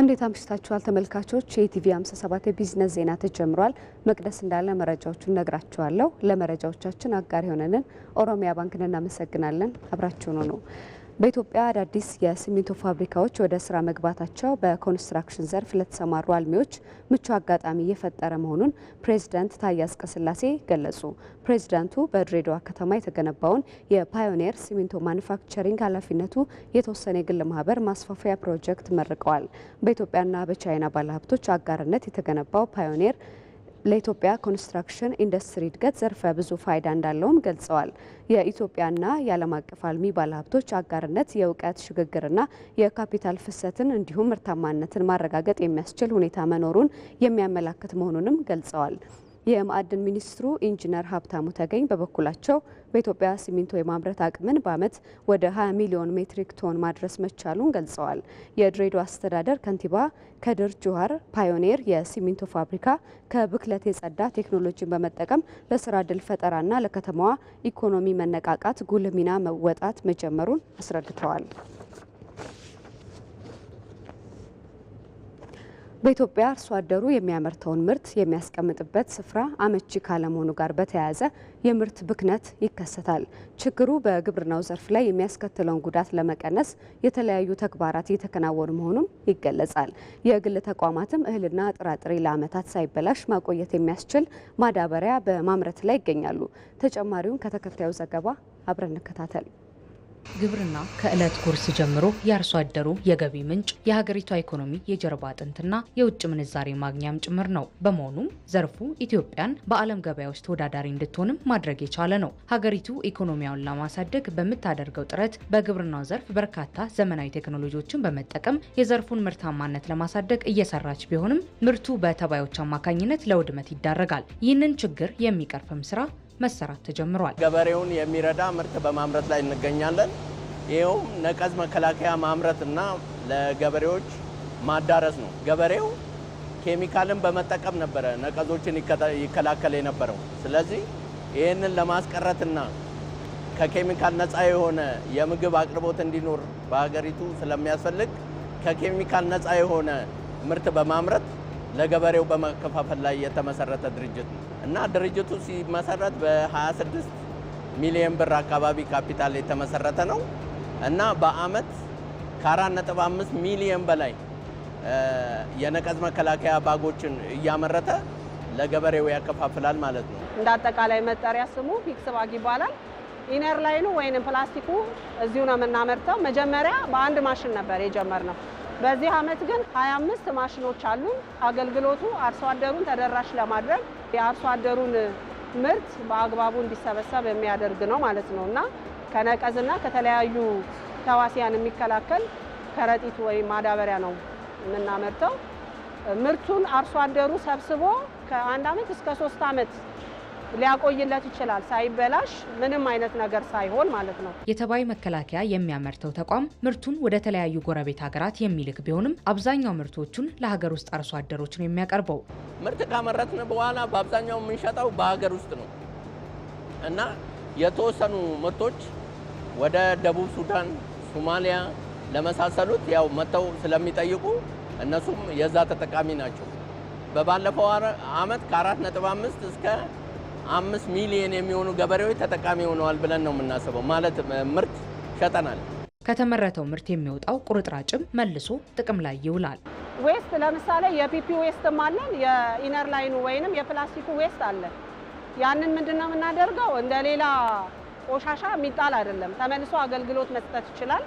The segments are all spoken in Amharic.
እንዴት አምሽታችኋል ተመልካቾች። የኢቲቪ 57 የቢዝነስ ዜና ተጀምሯል። መቅደስ እንዳለ መረጃዎቹን ነግራችኋለሁ። ለመረጃዎቻችን አጋር የሆነንን ኦሮሚያ ባንክን እናመሰግናለን። አብራችሁኑ ነው በኢትዮጵያ አዳዲስ የሲሚንቶ ፋብሪካዎች ወደ ስራ መግባታቸው በኮንስትራክሽን ዘርፍ ለተሰማሩ አልሚዎች ምቹ አጋጣሚ እየፈጠረ መሆኑን ፕሬዚዳንት ታዬ አጽቀሥላሴ ገለጹ። ፕሬዚዳንቱ በድሬዳዋ ከተማ የተገነባውን የፓዮኒየር ሲሚንቶ ማኑፋክቸሪንግ ኃላፊነቱ የተወሰነ የግል ማህበር ማስፋፊያ ፕሮጀክት መርቀዋል። በኢትዮጵያና በቻይና ባለሀብቶች አጋርነት የተገነባው ፓዮኒየር ለኢትዮጵያ ኮንስትራክሽን ኢንዱስትሪ እድገት ዘርፈ ብዙ ፋይዳ እንዳለውም ገልጸዋል። የኢትዮጵያና የዓለም አቀፍ አልሚ ባለሀብቶች አጋርነት የእውቀት ሽግግርና የካፒታል ፍሰትን እንዲሁም ምርታማነትን ማረጋገጥ የሚያስችል ሁኔታ መኖሩን የሚያመላክት መሆኑንም ገልጸዋል። የማዕድን ሚኒስትሩ ኢንጂነር ሀብታሙ ተገኝ በበኩላቸው በኢትዮጵያ ሲሚንቶ የማምረት አቅምን በዓመት ወደ 20 ሚሊዮን ሜትሪክ ቶን ማድረስ መቻሉን ገልጸዋል። የድሬዳዋ አስተዳደር ከንቲባ ከድር ጁሃር ፓዮኔር የሲሚንቶ ፋብሪካ ከብክለት የጸዳ ቴክኖሎጂን በመጠቀም ለስራ ዕድል ፈጠራና ለከተማዋ ኢኮኖሚ መነቃቃት ጉልህ ሚና መወጣት መጀመሩን አስረድተዋል። በኢትዮጵያ አርሶ አደሩ የሚያመርተውን ምርት የሚያስቀምጥበት ስፍራ አመቺ ካለመሆኑ ጋር በተያያዘ የምርት ብክነት ይከሰታል። ችግሩ በግብርናው ዘርፍ ላይ የሚያስከትለውን ጉዳት ለመቀነስ የተለያዩ ተግባራት እየተከናወኑ መሆኑም ይገለጻል። የግል ተቋማትም እህልና ጥራጥሬ ለአመታት ሳይበላሽ ማቆየት የሚያስችል ማዳበሪያ በማምረት ላይ ይገኛሉ። ተጨማሪውን ከተከታዩ ዘገባ አብረን እንከታተል። ግብርና ከዕለት ጉርስ ጀምሮ የአርሶ አደሩ የገቢ ምንጭ፣ የሀገሪቷ ኢኮኖሚ የጀርባ አጥንትና የውጭ ምንዛሬ ማግኛም ጭምር ነው። በመሆኑም ዘርፉ ኢትዮጵያን በዓለም ገበያዎች ተወዳዳሪ እንድትሆንም ማድረግ የቻለ ነው። ሀገሪቱ ኢኮኖሚያውን ለማሳደግ በምታደርገው ጥረት በግብርናው ዘርፍ በርካታ ዘመናዊ ቴክኖሎጂዎችን በመጠቀም የዘርፉን ምርታማነት ለማሳደግ እየሰራች ቢሆንም ምርቱ በተባዮች አማካኝነት ለውድመት ይዳረጋል። ይህንን ችግር የሚቀርፍም ስራ መሰራት ተጀምሯል። ገበሬውን የሚረዳ ምርት በማምረት ላይ እንገኛለን። ይኸውም ነቀዝ መከላከያ ማምረት እና ለገበሬዎች ማዳረስ ነው። ገበሬው ኬሚካልን በመጠቀም ነበረ ነቀዞችን ይከላከል የነበረው። ስለዚህ ይህንን ለማስቀረትና ከኬሚካል ነፃ የሆነ የምግብ አቅርቦት እንዲኖር በሀገሪቱ ስለሚያስፈልግ ከኬሚካል ነፃ የሆነ ምርት በማምረት ለገበሬው በመከፋፈል ላይ የተመሰረተ ድርጅት ነው እና ድርጅቱ ሲመሰረት በ26 ሚሊዮን ብር አካባቢ ካፒታል የተመሰረተ ነው እና በአመት ከ4.5 ሚሊዮን በላይ የነቀዝ መከላከያ ባጎችን እያመረተ ለገበሬው ያከፋፍላል ማለት ነው። እንደ አጠቃላይ መጠሪያ ስሙ ፊክስ ባግ ይባላል። ኢነር ላይኑ ወይንም ፕላስቲኩ እዚሁ ነው የምናመርተው። መጀመሪያ በአንድ ማሽን ነበር የጀመርነው። በዚህ ዓመት ግን 25 ማሽኖች አሉ። አገልግሎቱ አርሶ አደሩን ተደራሽ ለማድረግ የአርሶ አደሩን ምርት በአግባቡ እንዲሰበሰብ የሚያደርግ ነው ማለት ነው እና ከነቀዝና ከተለያዩ ተዋሲያን የሚከላከል ከረጢት ወይም ማዳበሪያ ነው የምናመርተው። ምርቱን አርሶ አደሩ ሰብስቦ ከአንድ ዓመት እስከ ሶስት ዓመት ሊያቆይለት ይችላል ሳይበላሽ ምንም አይነት ነገር ሳይሆን ማለት ነው። የተባይ መከላከያ የሚያመርተው ተቋም ምርቱን ወደ ተለያዩ ጎረቤት ሀገራት የሚልክ ቢሆንም አብዛኛው ምርቶቹን ለሀገር ውስጥ አርሶ አደሮች ነው የሚያቀርበው። ምርት ካመረትን በኋላ በአብዛኛው የምንሸጠው በሀገር ውስጥ ነው እና የተወሰኑ ምርቶች ወደ ደቡብ ሱዳን፣ ሶማሊያ ለመሳሰሉት ያው መጥተው ስለሚጠይቁ እነሱም የዛ ተጠቃሚ ናቸው። በባለፈው ከአራት ከ4.5 እስከ አምስት ሚሊዮን የሚሆኑ ገበሬዎች ተጠቃሚ ሆነዋል ብለን ነው የምናስበው። ማለት ምርት ሸጠናል። ከተመረተው ምርት የሚወጣው ቁርጥራጭም መልሶ ጥቅም ላይ ይውላል። ዌስት ለምሳሌ የፒፒ ዌስትም አለን፣ የኢነር ላይኑ ወይንም የፕላስቲኩ ዌስት አለ። ያንን ምንድን ነው የምናደርገው? እንደ ሌላ ቆሻሻ የሚጣል አይደለም፣ ተመልሶ አገልግሎት መስጠት ይችላል።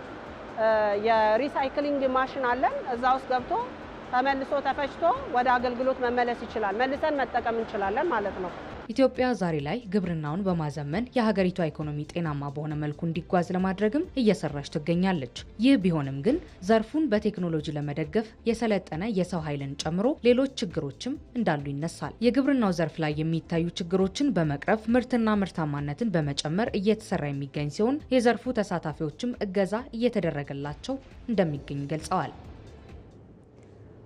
የሪሳይክሊንግ ማሽን አለን። እዛ ውስጥ ገብቶ ተመልሶ ተፈጭቶ ወደ አገልግሎት መመለስ ይችላል። መልሰን መጠቀም እንችላለን ማለት ነው። ኢትዮጵያ ዛሬ ላይ ግብርናውን በማዘመን የሀገሪቷ ኢኮኖሚ ጤናማ በሆነ መልኩ እንዲጓዝ ለማድረግም እየሰራች ትገኛለች። ይህ ቢሆንም ግን ዘርፉን በቴክኖሎጂ ለመደገፍ የሰለጠነ የሰው ኃይልን ጨምሮ ሌሎች ችግሮችም እንዳሉ ይነሳል። የግብርናው ዘርፍ ላይ የሚታዩ ችግሮችን በመቅረፍ ምርትና ምርታማነትን በመጨመር እየተሰራ የሚገኝ ሲሆን የዘርፉ ተሳታፊዎችም እገዛ እየተደረገላቸው እንደሚገኝ ገልጸዋል።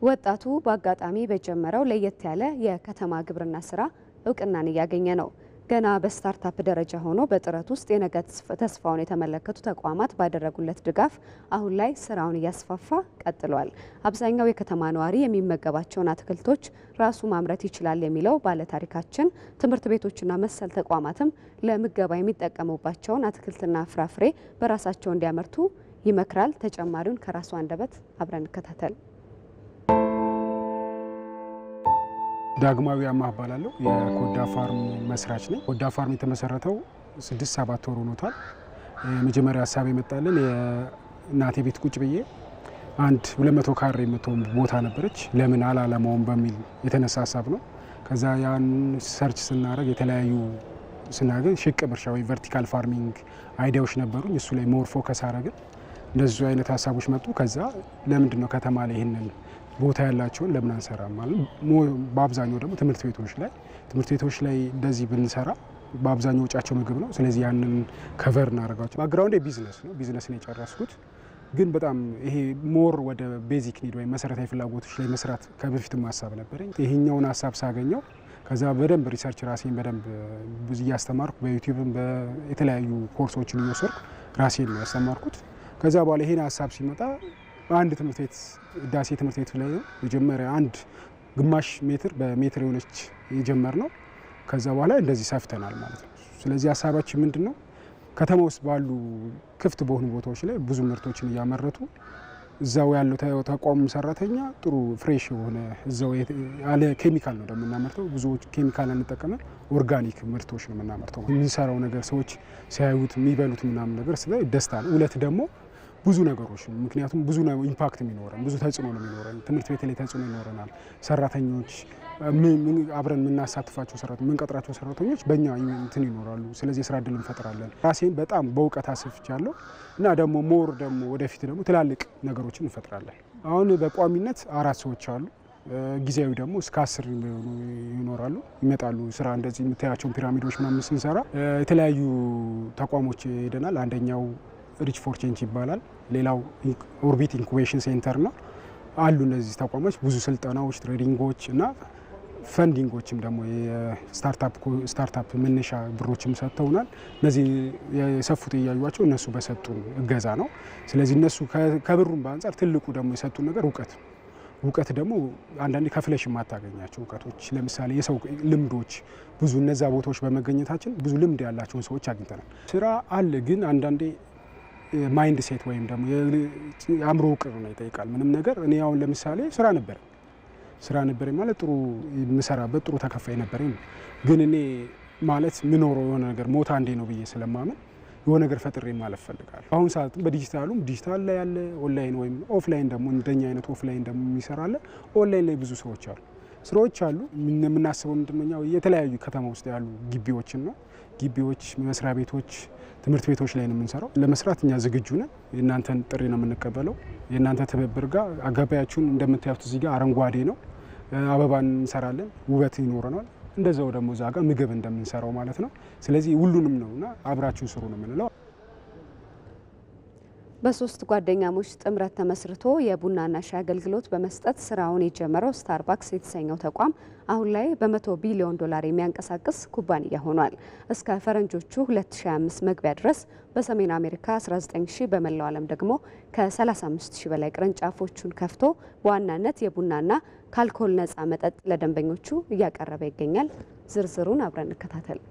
ወጣቱ በአጋጣሚ በጀመረው ለየት ያለ የከተማ ግብርና ስራ እውቅናን እያገኘ ነው። ገና በስታርታፕ ደረጃ ሆኖ በጥረት ውስጥ የነገ ተስፋውን የተመለከቱ ተቋማት ባደረጉለት ድጋፍ አሁን ላይ ስራውን እያስፋፋ ቀጥሏል። አብዛኛው የከተማ ነዋሪ የሚመገባቸውን አትክልቶች ራሱ ማምረት ይችላል የሚለው ባለታሪካችን ትምህርት ቤቶችና መሰል ተቋማትም ለምገባ የሚጠቀሙባቸውን አትክልትና ፍራፍሬ በራሳቸው እንዲያመርቱ ይመክራል። ተጨማሪውን ከራሱ አንደበት አብረን እንከታተል። ዳግማዊ አማህ እባላለሁ። የኮዳ ፋርም መስራች ነኝ። ኮዳ ፋርም የተመሰረተው ስድስት ሰባት ወር ሆኖታል። የመጀመሪያ ሀሳብ የመጣልን የእናቴ ቤት ቁጭ ብዬ አንድ ሁለት መቶ ካሬ የምትሆን ቦታ ነበረች ለምን አላለማውም በሚል የተነሳ ሀሳብ ነው። ከዛ ያን ሰርች ስናደረግ የተለያዩ ስናገኝ ሽቅብ እርሻ ወይ ቨርቲካል ፋርሚንግ አይዲያዎች ነበሩኝ። እሱ ላይ ሞር ፎከስ አረግን። አይነት ሀሳቦች መጡ። ከዛ ለምንድን ነው ከተማ ላይ ይህንን ቦታ ያላቸውን ለምን አንሰራም ማለት በአብዛኛው ደግሞ ትምህርት ቤቶች ላይ ትምህርት ቤቶች ላይ እንደዚህ ብንሰራ በአብዛኛው ወጪያቸው ምግብ ነው። ስለዚህ ያንን ከቨር እናደርጋቸው። ባግራውንድ ቢዝነስ ነው፣ ቢዝነስን የጨረስኩት ግን በጣም ይሄ ሞር ወደ ቤዚክ ኒድ ወይም መሰረታዊ ፍላጎቶች ላይ መስራት ከበፊትም ሀሳብ ነበረኝ። ይሄኛውን ሀሳብ ሳገኘው ከዛ በደንብ ሪሰርች ራሴን በደንብ ብዙ እያስተማርኩ በዩቲዩብም በተለያዩ ኮርሶችን እየወሰድኩ ራሴን ነው ያስተማርኩት። ከዛ በኋላ ይሄን ሀሳብ ሲመጣ አንድ ትምህርት ቤት ዳሴ ትምህርት ቤት ላይ ነው መጀመሪያ አንድ ግማሽ ሜትር በሜትር የሆነች የጀመር ነው። ከዛ በኋላ እንደዚህ ሰፍተናል ማለት ነው። ስለዚህ ሀሳባችን ምንድን ነው? ከተማ ውስጥ ባሉ ክፍት በሆኑ ቦታዎች ላይ ብዙ ምርቶችን እያመረቱ እዛው ያለው ተቋም ሰራተኛ ጥሩ ፍሬሽ የሆነ እዛው ያለ ኬሚካል ነው እንደምናመርተው። ብዙ ኬሚካል አንጠቀመ፣ ኦርጋኒክ ምርቶች ነው የምናመርተው። የምንሰራው ነገር ሰዎች ሲያዩት የሚበሉት ምናምን ነገር ስለ ደስታ ነው። ሁለት ደግሞ ብዙ ነገሮች ምክንያቱም ብዙ ኢምፓክት የሚኖረን ብዙ ተጽዕኖ ነው የሚኖረን። ትምህርት ቤት ላይ ተጽዕኖ ይኖረናል። ሰራተኞች አብረን የምናሳትፋቸው ሰራተኞች የምንቀጥራቸው ሰራተኞች በእኛ እንትን ይኖራሉ። ስለዚህ የስራ እድል እንፈጥራለን። ራሴን በጣም በእውቀት አስፍቻለሁ እና ደግሞ ሞር ደግሞ ወደፊት ደግሞ ትላልቅ ነገሮችን እንፈጥራለን። አሁን በቋሚነት አራት ሰዎች አሉ። ጊዜያዊ ደግሞ እስከ አስር ይኖራሉ፣ ይመጣሉ። ስራ እንደዚህ የምታያቸውን ፒራሚዶች ምናምን ስንሰራ የተለያዩ ተቋሞች ሄደናል። አንደኛው ሪች ፎር ቼንጅ ይባላል። ሌላው ኦርቢት ኢንኩቤሽን ሴንተር ነው አሉ። እነዚህ ተቋሞች ብዙ ስልጠናዎች፣ ትሬዲንጎች እና ፈንዲንጎችም ደግሞ ስታርታፕ መነሻ ብሮችም ሰጥተውናል። እነዚህ የሰፉት እያዩቸው እነሱ በሰጡን እገዛ ነው። ስለዚህ እነሱ ከብሩም በአንጻር ትልቁ ደግሞ የሰጡን ነገር እውቀት እውቀት ደግሞ አንዳንዴ ከፍለሽ የማታገኛቸው እውቀቶች፣ ለምሳሌ የሰው ልምዶች ብዙ እነዛ ቦታዎች በመገኘታችን ብዙ ልምድ ያላቸውን ሰዎች አግኝተናል። ስራ አለ ግን አንዳንዴ ማይንድ ሴት ወይም ደግሞ የአእምሮ ውቅር ነው ይጠይቃል። ምንም ነገር እኔ አሁን ለምሳሌ ስራ ነበር ስራ ነበረኝ ማለት ጥሩ የምሰራበት ጥሩ ተከፋይ ነበረኝ። ግን እኔ ማለት ምኖረው የሆነ ነገር ሞታ እንዴ ነው ብዬ ስለማምን የሆነ ነገር ፈጥሬ ማለፍ ፈልጋለሁ። ሰዓት በዲጂታሉም ዲጂታል ላይ ያለ ኦንላይን ወይም ኦፍላይን ደግሞ እንደኛ አይነት ኦፍላይን ደግሞ የሚሰራለ ኦንላይን ላይ ብዙ ሰዎች አሉ ስራዎች አሉ። የምናስበው ምንድነው የተለያዩ ከተማ ውስጥ ያሉ ግቢዎችን ነው ግቢዎች፣ መስሪያ ቤቶች፣ ትምህርት ቤቶች ላይ ነው የምንሰራው። ለመስራት እኛ ዝግጁ ነን። የእናንተን ጥሪ ነው የምንቀበለው። የእናንተ ትብብር ጋር አጋባያችሁን እንደምታዩት እዚህ ጋር አረንጓዴ ነው፣ አበባ እንሰራለን፣ ውበት ይኖረናል። እንደዛው ደግሞ እዛ ጋር ምግብ እንደምንሰራው ማለት ነው። ስለዚህ ሁሉንም ነውና አብራችሁ ስሩ ነው የምንለው። በሶስት ጓደኛሞች ጥምረት ተመስርቶ የቡናና ሻይ አገልግሎት በመስጠት ስራውን የጀመረው ስታርባክስ የተሰኘው ተቋም አሁን ላይ በመቶ ቢሊዮን ዶላር የሚያንቀሳቅስ ኩባንያ ሆኗል። እስከ ፈረንጆቹ 2025 መግቢያ ድረስ በሰሜን አሜሪካ 19 ሺህ በመላው ዓለም ደግሞ ከ35 ሺህ በላይ ቅርንጫፎቹን ከፍቶ በዋናነት የቡናና ከአልኮል ነፃ መጠጥ ለደንበኞቹ እያቀረበ ይገኛል። ዝርዝሩን አብረን እንከታተል።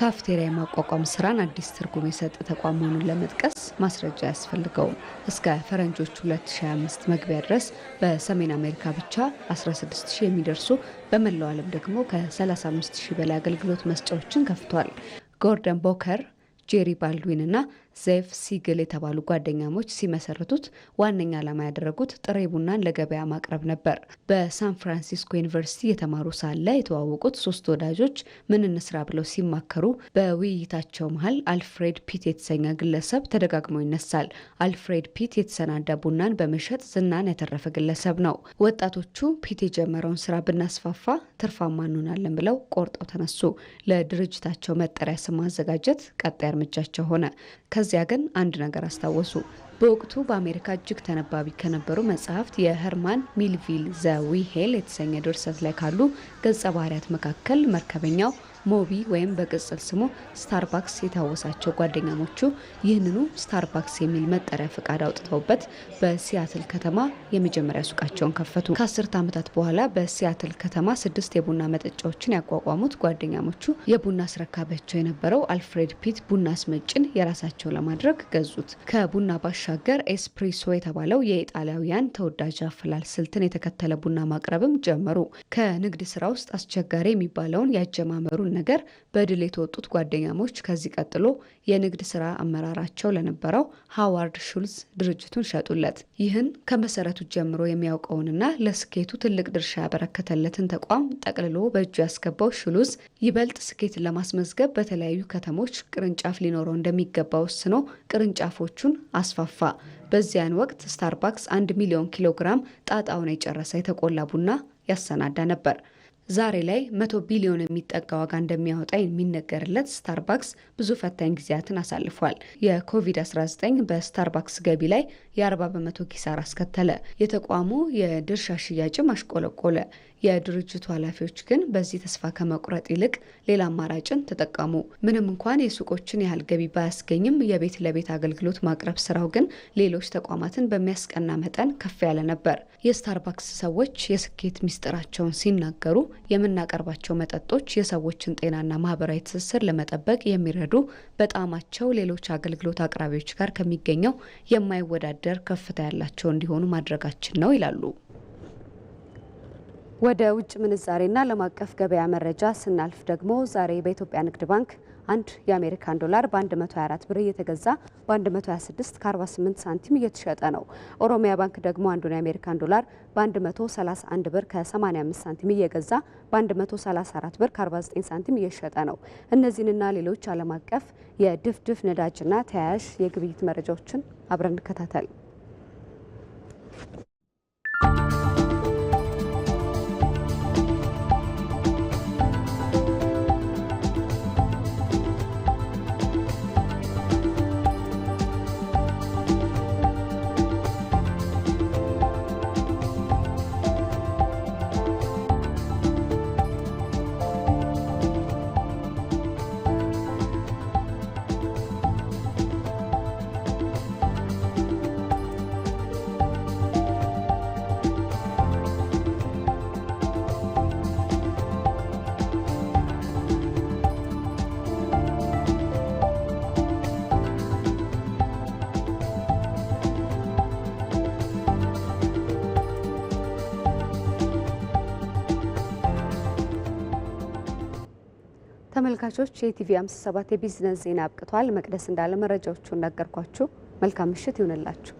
ካፍቴሪያ የማቋቋም ስራን አዲስ ትርጉም የሰጠ ተቋም መሆኑን ለመጥቀስ ማስረጃ አያስፈልገውም። እስከ ፈረንጆች 2025 መግቢያ ድረስ በሰሜን አሜሪካ ብቻ 16000 የሚደርሱ በመላው ዓለም ደግሞ ከ35000 በላይ አገልግሎት መስጫዎችን ከፍቷል። ጎርደን ቦከር፣ ጄሪ ባልድዊን እና ዘይፍ ሲግል የተባሉ ጓደኛሞች ሲመሰርቱት ዋነኛ ዓላማ ያደረጉት ጥሬ ቡናን ለገበያ ማቅረብ ነበር። በሳን ፍራንሲስኮ ዩኒቨርሲቲ የተማሩ ሳለ የተዋወቁት ሶስት ወዳጆች ምን እንስራ ብለው ሲማከሩ በውይይታቸው መሀል አልፍሬድ ፒት የተሰኘ ግለሰብ ተደጋግሞ ይነሳል። አልፍሬድ ፒት የተሰናዳ ቡናን በመሸጥ ዝናን ያተረፈ ግለሰብ ነው። ወጣቶቹ ፒት የጀመረውን ስራ ብናስፋፋ ትርፋማ እንሆናለን ብለው ቆርጠው ተነሱ። ለድርጅታቸው መጠሪያ ስም ማዘጋጀት ቀጣይ እርምጃቸው ሆነ። ከዚያ ግን አንድ ነገር አስታወሱ። በወቅቱ በአሜሪካ እጅግ ተነባቢ ከነበሩ መጽሐፍት የሄርማን ሚልቪል ዘ ዊሄል የተሰኘ ድርሰት ላይ ካሉ ገጸ ባህርያት መካከል መርከበኛው ሞቢ ወይም በቅጽል ስሙ ስታርባክስ የታወሳቸው ጓደኛሞቹ ይህንኑ ስታርባክስ የሚል መጠሪያ ፍቃድ አውጥተውበት በሲያትል ከተማ የመጀመሪያ ሱቃቸውን ከፈቱ። ከአስርት ዓመታት በኋላ በሲያትል ከተማ ስድስት የቡና መጠጫዎችን ያቋቋሙት ጓደኛሞቹ የቡና አስረካቢያቸው የነበረው አልፍሬድ ፒት ቡና አስመጭን የራሳቸው ለማድረግ ገዙት። ከቡና ባሻገር ኤስፕሪሶ የተባለው የኢጣሊያውያን ተወዳጅ አፈላል ስልትን የተከተለ ቡና ማቅረብም ጀመሩ። ከንግድ ስራ ውስጥ አስቸጋሪ የሚባለውን ያጀማመሩ ሁሉን ነገር በድል የተወጡት ጓደኛሞች ከዚህ ቀጥሎ የንግድ ስራ አመራራቸው ለነበረው ሃዋርድ ሹልዝ ድርጅቱን ሸጡለት። ይህን ከመሰረቱ ጀምሮ የሚያውቀውንና ለስኬቱ ትልቅ ድርሻ ያበረከተለትን ተቋም ጠቅልሎ በእጁ ያስገባው ሹልዝ ይበልጥ ስኬትን ለማስመዝገብ በተለያዩ ከተሞች ቅርንጫፍ ሊኖረው እንደሚገባ ወስኖ ቅርንጫፎቹን አስፋፋ። በዚያን ወቅት ስታርባክስ አንድ ሚሊዮን ኪሎ ግራም ጣጣውን የጨረሰ የተቆላ ቡና ያሰናዳ ነበር። ዛሬ ላይ መቶ ቢሊዮን የሚጠጋ ዋጋ እንደሚያወጣ የሚነገርለት ስታርባክስ ብዙ ፈታኝ ጊዜያትን አሳልፏል። የኮቪድ-19 በስታርባክስ ገቢ ላይ የ40 በመቶ ኪሳራ አስከተለ። የተቋሙ የድርሻ ሽያጭም አሽቆለቆለ። የድርጅቱ ኃላፊዎች ግን በዚህ ተስፋ ከመቁረጥ ይልቅ ሌላ አማራጭን ተጠቀሙ። ምንም እንኳን የሱቆችን ያህል ገቢ ባያስገኝም የቤት ለቤት አገልግሎት ማቅረብ ስራው ግን ሌሎች ተቋማትን በሚያስቀና መጠን ከፍ ያለ ነበር። የስታርባክስ ሰዎች የስኬት ሚስጥራቸውን ሲናገሩ የምናቀርባቸው መጠጦች የሰዎችን ጤናና ማህበራዊ ትስስር ለመጠበቅ የሚረዱ በጣዕማቸው ሌሎች አገልግሎት አቅራቢዎች ጋር ከሚገኘው የማይወዳደር ከፍታ ያላቸው እንዲሆኑ ማድረጋችን ነው ይላሉ። ወደ ውጭ ምንዛሬና ዓለም አቀፍ ገበያ መረጃ ስናልፍ ደግሞ ዛሬ በኢትዮጵያ ንግድ ባንክ አንድ የአሜሪካን ዶላር በ124 ብር እየተገዛ በ126 ከ48 ሳንቲም እየተሸጠ ነው። ኦሮሚያ ባንክ ደግሞ አንዱን የአሜሪካን ዶላር በ131 ብር ከ85 ሳንቲም እየገዛ በ134 ብር ከ49 ሳንቲም እየሸጠ ነው። እነዚህንና ሌሎች ዓለም አቀፍ የድፍድፍ ነዳጅና ተያያዥ የግብይት መረጃዎችን አብረን እንከታተል። ተመልካቾች የኢቲቪ 57 የቢዝነስ ዜና አብቅቷል። መቅደስ እንዳለ መረጃዎቹን ነገርኳችሁ። መልካም ምሽት ይሁንላችሁ።